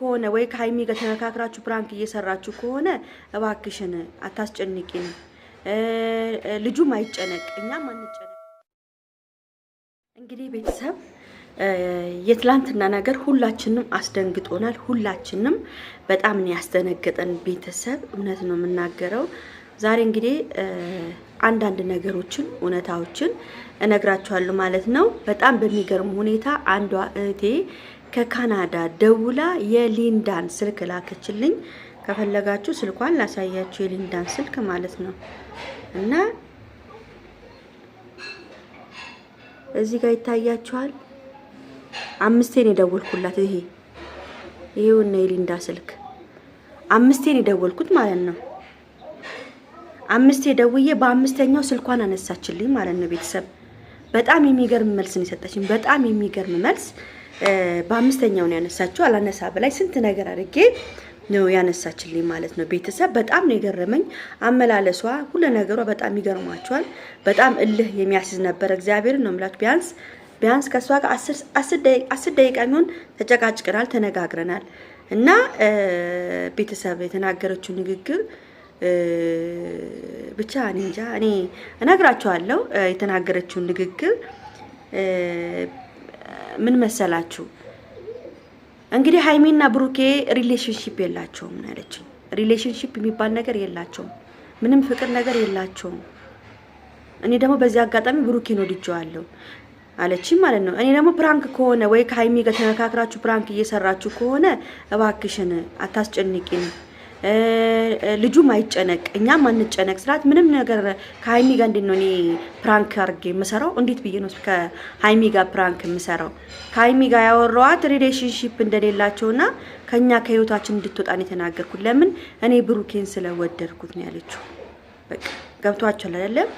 ከሆነ ወይ ከሀይሚ ጋር ተነካክራችሁ ፕራንክ እየሰራችሁ ከሆነ እባክሽን አታስጨንቂን። ልጁም አይጨነቅ፣ እኛም አንጨነቅ። እንግዲህ ቤተሰብ የትላንትና ነገር ሁላችንም አስደንግጦናል። ሁላችንም በጣም ነው ያስደነገጠን። ቤተሰብ እውነት ነው የምናገረው። ዛሬ እንግዲህ አንዳንድ ነገሮችን እውነታዎችን እነግራችኋለሁ ማለት ነው። በጣም በሚገርም ሁኔታ አንዷ እህቴ ከካናዳ ደውላ የሊንዳን ስልክ ላከችልኝ። ከፈለጋችሁ ስልኳን ላሳያችሁ፣ የሊንዳን ስልክ ማለት ነው። እና እዚህ ጋር ይታያችኋል። አምስቴን የደወልኩላት ይሄ ይሄውና የሊንዳ ስልክ አምስቴን የደወልኩት ማለት ነው። አምስቴ ደውዬ በአምስተኛው ስልኳን አነሳችልኝ ማለት ነው። ቤተሰብ በጣም የሚገርም መልስ ነው የሰጠችኝ። በጣም የሚገርም መልስ በአምስተኛው ነው ያነሳችው። አላነሳ በላይ ስንት ነገር አድርጌ ነው ያነሳችልኝ ማለት ነው። ቤተሰብ በጣም ነው የገረመኝ አመላለሷ፣ ሁሉ ነገሯ በጣም ይገርሟቸዋል። በጣም እልህ የሚያስይዝ ነበር። እግዚአብሔርን ነው የምላችሁ ቢያንስ ቢያንስ ከእሷ ጋር አስር ደቂቃ የሚሆን ተጨቃጭቅናል፣ ተነጋግረናል እና ቤተሰብ የተናገረችው ንግግር ብቻ እኔ እንጃ እኔ እነግራቸዋለሁ የተናገረችውን ንግግር ምን መሰላችሁ እንግዲህ ሀይሚና ብሩኬ ሪሌሽንሽፕ የላቸውም ያለችኝ። ሪሌሽንሽፕ የሚባል ነገር የላቸውም፣ ምንም ፍቅር ነገር የላቸውም። እኔ ደግሞ በዚህ አጋጣሚ ብሩኬን ወድጀዋለሁ አለችኝ ማለት ነው። እኔ ደግሞ ፕራንክ ከሆነ ወይ ከሀይሚ ጋር ተመካክራችሁ ፕራንክ እየሰራችሁ ከሆነ እባክሽን አታስጨንቂን ልጁም አይጨነቅ እኛም አንጨነቅ ስርዓት ምንም ነገር ከሀይሚ ጋር እንዴት ነው እኔ ፕራንክ አድርጌ የምሰራው? እንዴት ብዬ ነው ከሀይሚ ጋር ፕራንክ የምሰራው? ከሀይሚ ጋር ያወራኋት ሪሌሽንሺፕ እንደሌላቸውና ከእኛ ከህይወታችን እንድትወጣን የተናገርኩት ለምን እኔ ብሩኬን ስለወደድኩት ነው ያለችው። በቃ ገብቷቸዋል አይደለም?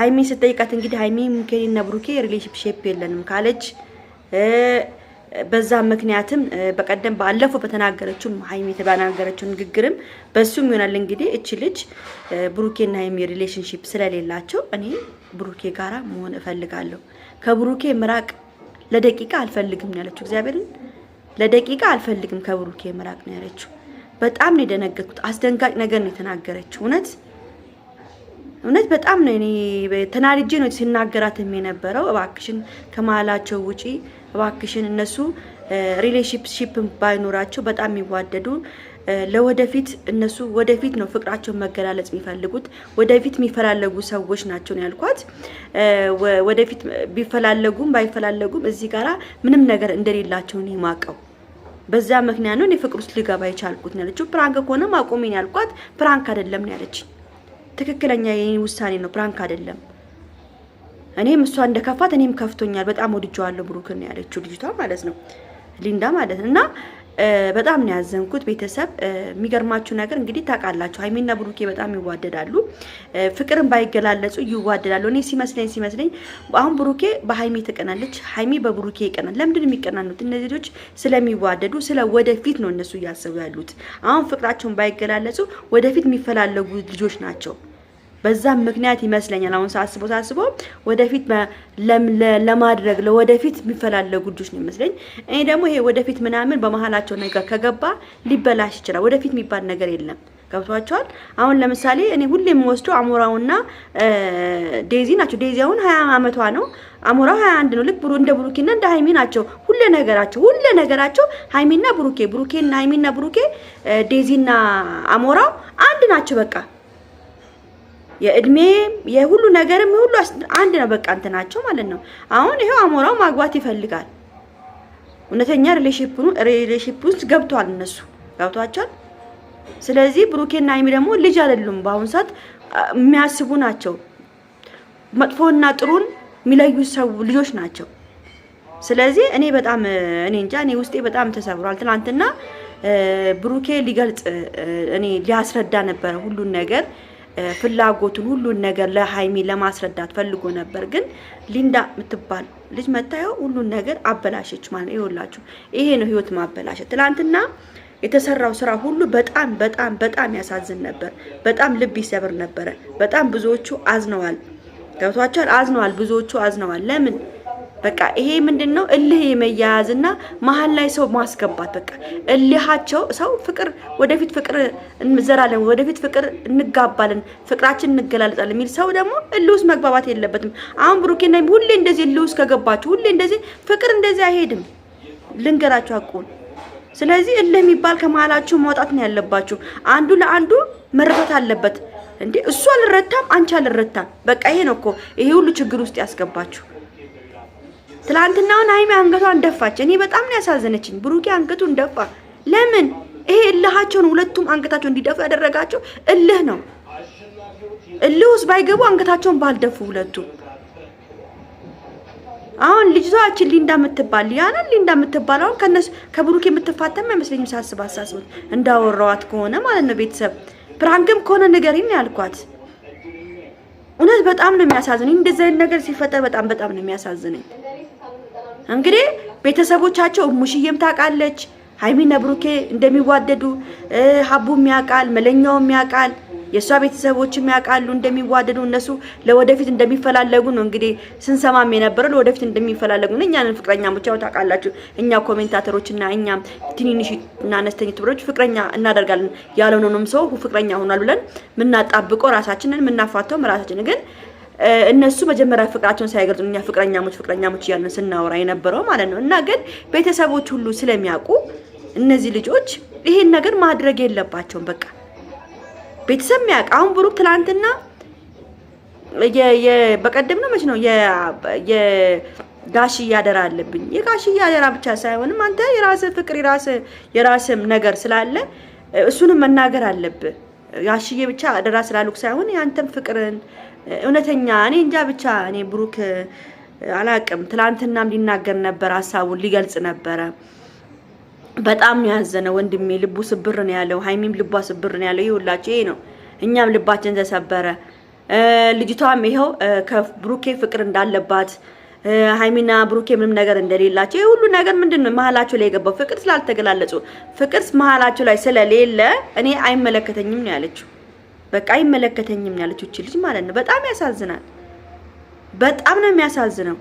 ሀይሚን ስጠይቃት እንግዲህ ሀይሚ ሙኬኔ ሙኬንና ብሩኬ ሪሌሽንሽፕ የለንም ካለች በዛ ምክንያትም በቀደም ባለፈው በተናገረችው ሀይሚ የተናገረችው ንግግርም በሱም ይሆናል እንግዲህ እች ልጅ ብሩኬና ሀይሚ ሪሌሽንሽፕ ስለሌላቸው እኔ ብሩኬ ጋራ መሆን እፈልጋለሁ፣ ከብሩኬ ምራቅ ለደቂቃ አልፈልግም ነው ያለችው። እግዚአብሔርን ለደቂቃ አልፈልግም ከብሩኬ ምራቅ ነው ያለችው። በጣም ነው የደነገጥኩት። አስደንጋጭ ነገር ነው የተናገረችው እውነት እውነት በጣም ነው እኔ ተናድጄ ነው ሲናገራትም የነበረው። እባክሽን ከመሀላቸው ውጪ እባክሽን እነሱ ሪሌሽንሺፕ ባይኖራቸው በጣም የሚዋደዱ ለወደፊት እነሱ ወደፊት ነው ፍቅራቸውን መገላለጽ የሚፈልጉት ወደፊት የሚፈላለጉ ሰዎች ናቸው ነው ያልኳት። ወደፊት ቢፈላለጉም ባይፈላለጉም እዚህ ጋራ ምንም ነገር እንደሌላቸው ነው የማውቀው። በዛ ምክንያት ነው እኔ ፍቅር ውስጥ ሊገባ የቻልኩት ነው ያለችው። ፕራንክ ከሆነ ማቆሜን ያልኳት፣ ፕራንክ አይደለም ነው ያለችኝ። ትክክለኛ የኔ ውሳኔ ነው፣ ፕራንክ አይደለም። እኔም እሷ እንደከፋት እኔም ከፍቶኛል። በጣም ወድጀዋለሁ ብሩክን ያለችው ልጅቷ ማለት ነው፣ ሊንዳ ማለት ነው። እና በጣም ነው ያዘንኩት ቤተሰብ። የሚገርማችሁ ነገር እንግዲህ ታውቃላችሁ፣ ሀይሚና ብሩኬ በጣም ይዋደዳሉ። ፍቅርን ባይገላለጹ ይዋደዳሉ። እኔ ሲመስለኝ ሲመስለኝ አሁን ብሩኬ በሀይሚ ትቀናለች፣ ሀይሚ በብሩኬ ይቀናል። ለምንድን የሚቀናኑት እነዚህ ልጆች? ስለሚዋደዱ ስለ ወደፊት ነው እነሱ እያሰቡ ያሉት። አሁን ፍቅራቸውን ባይገላለጹ ወደፊት የሚፈላለጉ ልጆች ናቸው። በዛም ምክንያት ይመስለኛል አሁን ሳስቦ ሳስቦ ወደፊት ለማድረግ ለወደፊት የሚፈላለጉ ልጆች ነው ይመስለኝ። እኔ ደግሞ ይሄ ወደፊት ምናምን በመሀላቸው ነገር ከገባ ሊበላሽ ይችላል። ወደፊት የሚባል ነገር የለም። ገብቷቸዋል። አሁን ለምሳሌ እኔ ሁሌ የምወስደው አሞራውና ዴዚ ናቸው። ዴዚ አሁን ሀያ አመቷ ነው። አሞራው ሀያ አንድ ነው። ልክ እንደ ብሩኬና እንደ ሀይሚ ናቸው። ሁሌ ነገራቸው ሁሌ ነገራቸው ሀይሚና ብሩኬ፣ ብሩኬና ሀይሚና ብሩኬ፣ ዴዚና አሞራው አንድ ናቸው በቃ የእድሜ የሁሉ ነገርም ሁሉ አንድ ነው። በቃ ናቸው ማለት ነው። አሁን ይሄው አሞራው ማግባት ይፈልጋል። እውነተኛ ሪሌሽፕ ውስጥ ገብቷል። እነሱ ገብቷቸዋል። ስለዚህ ብሩኬና ሀይሚ ደግሞ ልጅ አይደሉም። በአሁኑ ሰዓት የሚያስቡ ናቸው። መጥፎና ጥሩን የሚለዩ ሰው ልጆች ናቸው። ስለዚህ እኔ በጣም እኔ እንጃ እኔ ውስጤ በጣም ተሰብሯል። ትናንትና ብሩኬ ሊገልጽ እኔ ሊያስረዳ ነበረ ሁሉን ነገር ፍላጎቱን ሁሉን ነገር ለሀይሚ ለማስረዳት ፈልጎ ነበር። ግን ሊንዳ የምትባል ልጅ መታየው ሁሉን ነገር አበላሸች ማለት ይኸውላችሁ፣ ይሄ ነው ህይወት ማበላሸት። ትናንትና የተሰራው ስራ ሁሉ በጣም በጣም በጣም ያሳዝን ነበር። በጣም ልብ ይሰብር ነበረ። በጣም ብዙዎቹ አዝነዋል። ገብቷቸዋል። አዝነዋል። ብዙዎቹ አዝነዋል። ለምን በቃ ይሄ ምንድን ነው እልህ የመያያዝ እና መሀል ላይ ሰው ማስገባት በቃ እልሃቸው ሰው ፍቅር ወደፊት ፍቅር እንዘራለን ወደፊት ፍቅር እንጋባለን ፍቅራችን እንገላለጣለን የሚል ሰው ደግሞ እልህ ውስጥ መግባባት የለበትም። አሁን ብሩኬና ሁሌ እንደዚህ እልህ ውስጥ ከገባችሁ ሁሌ እንደዚህ ፍቅር እንደዚህ አይሄድም። ልንገራችሁ አቁን ስለዚህ እልህ የሚባል ከመሀላችሁ ማውጣት ነው ያለባችሁ። አንዱ ለአንዱ መረዳት አለበት እንዴ እሱ አልረታም፣ አንቺ አልረታም። በቃ ይሄ ነው እኮ ይሄ ሁሉ ችግር ውስጥ ያስገባችሁ። ትላንትናውን ሀይሚ አንገቷን ደፋች። እኔ በጣም ነው ያሳዘነችኝ። ብሩኬ አንገቱን ደፋ። ለምን ይሄ እልሃቸውን ሁለቱም አንገታቸው እንዲደፉ ያደረጋቸው እልህ ነው። እልህ ውስጥ ባይገቡ አንገታቸውን ባልደፉ ሁለቱ አሁን ልጅቷ ሊንዳ የምትባል ያና ሊንዳ የምትባል አሁን ከነሱ ከብሩኬ የምትፋተም አይመስለኝም። ሳስብ አሳስብ እንዳወራዋት ከሆነ ማለት ነው ቤተሰብ ፕራንክም ከሆነ ንገሪኝ ያልኳት እውነት በጣም ነው የሚያሳዝነኝ። እንደዚህ አይነት ነገር ሲፈጠር በጣም በጣም ነው የሚያሳዝነኝ። እንግዲህ ቤተሰቦቻቸው ሙሽዬም ታውቃለች ሀይሚና ብሩኬ እንደሚዋደዱ ሀቡም ያውቃል፣ መለኛውም ያውቃል፣ የእሷ ቤተሰቦችም ያውቃሉ እንደሚዋደዱ እነሱ ለወደፊት እንደሚፈላለጉ ነው እንግዲህ ስንሰማም የነበረው ለወደፊት እንደሚፈላለጉ ነው። እኛንን ፍቅረኛ ሞቻው ታውቃላችሁ፣ እኛ ኮሜንታተሮችና እኛም ትንንሽ እና አነስተኛ ትብሮች ፍቅረኛ እናደርጋለን ያለነውንም ሰው ፍቅረኛ ሆኗል ብለን ምናጣብቀው ራሳችንን ምናፋተውም ራሳችን ግን እነሱ መጀመሪያ ፍቅራቸውን ሳይገልጹ እኛ ፍቅረኛሞች ፍቅረኛሞች እያለን ስናወራ የነበረው ማለት ነው። እና ግን ቤተሰቦች ሁሉ ስለሚያውቁ እነዚህ ልጆች ይሄን ነገር ማድረግ የለባቸውም። በቃ ቤተሰብ የሚያውቅ አሁን ብሩክ ትላንትና በቀደም ነው መች ነው የጋሽ እያደራ አለብኝ። የጋሽ እያደራ ብቻ ሳይሆንም አንተ የራስህ ፍቅር የራስህ የራስህም ነገር ስላለ እሱንም መናገር አለብህ። ጋሽዬ ብቻ አደራ ስላሉክ ሳይሆን ያንተም ፍቅርን እውነተኛ እኔ እንጃ ብቻ እኔ ብሩክ አላቅም። ትላንትናም ሊናገር ነበር፣ ሀሳቡን ሊገልጽ ነበረ። በጣም ያዘነ ወንድሜ፣ ልቡ ስብር ነው ያለው። ሀይሚም ልቧ ስብር ነው ያለው። ይኸውላችሁ ይሄ ነው እኛም ልባችን ተሰበረ። ልጅቷም ይኸው ከብሩኬ ፍቅር እንዳለባት ሀይሚና ብሩኬ ምንም ነገር እንደሌላቸው ይህ ሁሉ ነገር ምንድን ነው መሀላቸው ላይ የገባው ፍቅር ስላልተገላለጹ ፍቅር መሀላቸው ላይ ስለሌለ እኔ አይመለከተኝም ነው ያለችው። በቃ አይመለከተኝም ነው ያለችው ልጅ ማለት ነው። በጣም ያሳዝናል። በጣም ነው የሚያሳዝነው።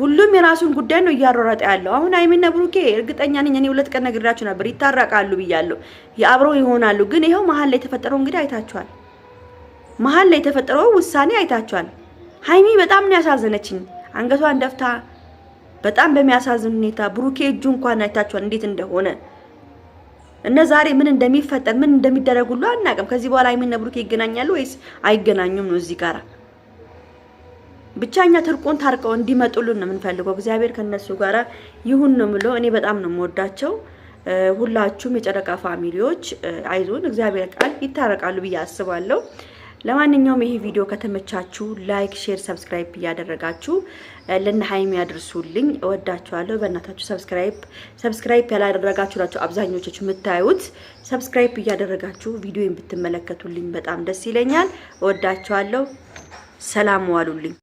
ሁሉም የራሱን ጉዳይ ነው እያሯሯጠ ያለው። አሁን ሀይሚና ብሩኬ እርግጠኛ ነኝ እኔ ሁለት ቀን ነግሬያችሁ ነበር ይታረቃሉ ብያለሁ፣ የአብረው ይሆናሉ። ግን ይኸው መሀል ላይ የተፈጠረው እንግዲህ አይታችኋል። መሀል ላይ የተፈጠረው ውሳኔ አይታችኋል። ሀይሚ በጣም ነው ያሳዘነችኝ። አንገቷን ደፍታ በጣም በሚያሳዝን ሁኔታ ብሩኬ እጁ እንኳን አይታችኋል እንዴት እንደሆነ እነ ዛሬ ምን እንደሚፈጠር ምን እንደሚደረግ ሁሉ አናውቅም። ከዚህ በኋላ ሀይሚና ብሩኬ ይገናኛሉ ወይስ አይገናኙም ነው እዚህ ጋራ ብቻኛ ትርቁን ታርቀው እንዲመጡልን ነው የምንፈልገው። እግዚአብሔር ከነሱ ጋራ ይሁን ነው የምለው። እኔ በጣም ነው የምወዳቸው። ሁላችሁም የጨረቃ ፋሚሊዎች አይዞን፣ እግዚአብሔር ቃል ይታረቃሉ ብዬ አስባለሁ። ለማንኛውም ይሄ ቪዲዮ ከተመቻችሁ ላይክ፣ ሼር፣ ሰብስክራይብ እያደረጋችሁ ለነ ሀይሚ ያድርሱልኝ። እወዳችኋለሁ። በእናታችሁ ሰብስክራይብ ሰብስክራይብ ያላደረጋችሁ ናቸው አብዛኞቻችሁ የምታዩት። ሰብስክራይብ እያደረጋችሁ ቪዲዮን ብትመለከቱልኝ በጣም ደስ ይለኛል። እወዳችኋለሁ። ሰላም ዋሉልኝ።